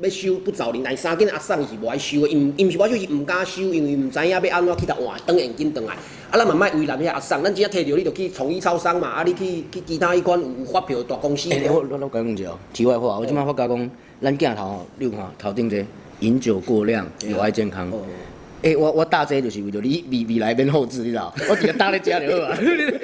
要收不找你來是三囝阿送是無愛收的，因因唔是我就，是唔敢收，因為唔知影要安怎去甲換，等現金轉來。啊，咱嘛莫為難遐阿送，咱只要摕到你就去統一超商嘛，啊，你去去其他迄款有發票的大公司。哎、欸，我我加工一下哦。題外話，我即擺發加工，咱囝頭你有看頭頂這飲、個、酒過量，有害健康。哎、欸，我我打這個就是為着你未未來免後顧，你知無？我直接打你家就好啊。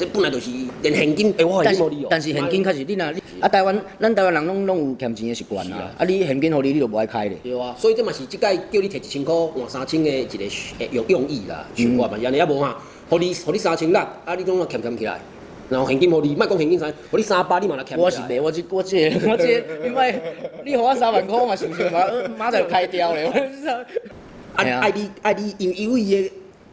這本來就是，連現金俾、欸、我現金、喔。但是但是現金確實，你若啊，啊，台灣，咱台灣人攏攏有欠錢嘅習慣啦。啊，你現金互你，你都無愛開咧。對哇。所以這嘛是即屆叫你摕一千塊換三千嘅一個用用意啦，習慣嘛，因為也無法互你互你三千六啊，你攏啊儉欠起來，然後現金互你，莫講現金使，互你三百你嘛就欠我是咩？我只我即個我即個，因為你互我三萬塊嘛，是毋是嘛，馬上就開掉咧。我只。哎呀。哎愛你愛你用有意嘅。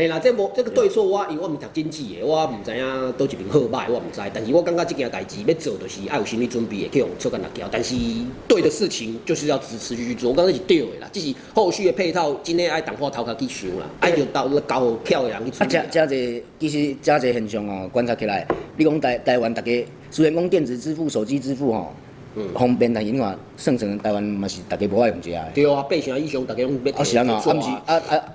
嘿、欸、啦，這無即、這個對錯我，嗯、因為我唔讀經濟嘅，我毋知影倒一邊好歹，我毋知。但是我感覺即件代志要做，就是愛有心理準備嘅去用出甲六條。但是對的事情就是要持持續去做。我感覺是對誒啦，只是後續的配套，真的愛同化頭殼去術啦，愛就到搞漂亮一出。加加儕，其實加儕現象哦，觀察起來，你講台台灣逐家，雖然講電子支付、手機支付吼、哦，嗯，方便但影響，算算台灣嘛是逐家無愛用遮個。對啊，八成以上大家用要、啊做啊。啊是安嘛，啊毋是啊啊。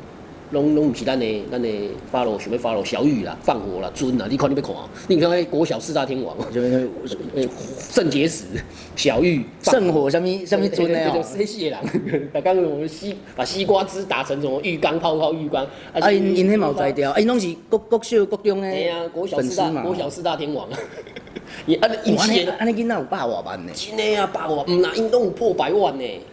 攏攏唔是咱的，咱的花羅，什咪花羅，小玉啦，放火啦，尊啦，你看你咪看，你看國小四大天王，就那聖結石，小玉，聖火什咪什咪尊啊，就西把西瓜汁打成什麼浴缸泡泡浴缸，啊因因許冇在掉，啊因攏是國國小國中的粉絲嘛，國小四大天王，啊，安尼安尼囡仔有百偌萬呢？真誒啊，百偌，唔啦，因攏有破百萬呢。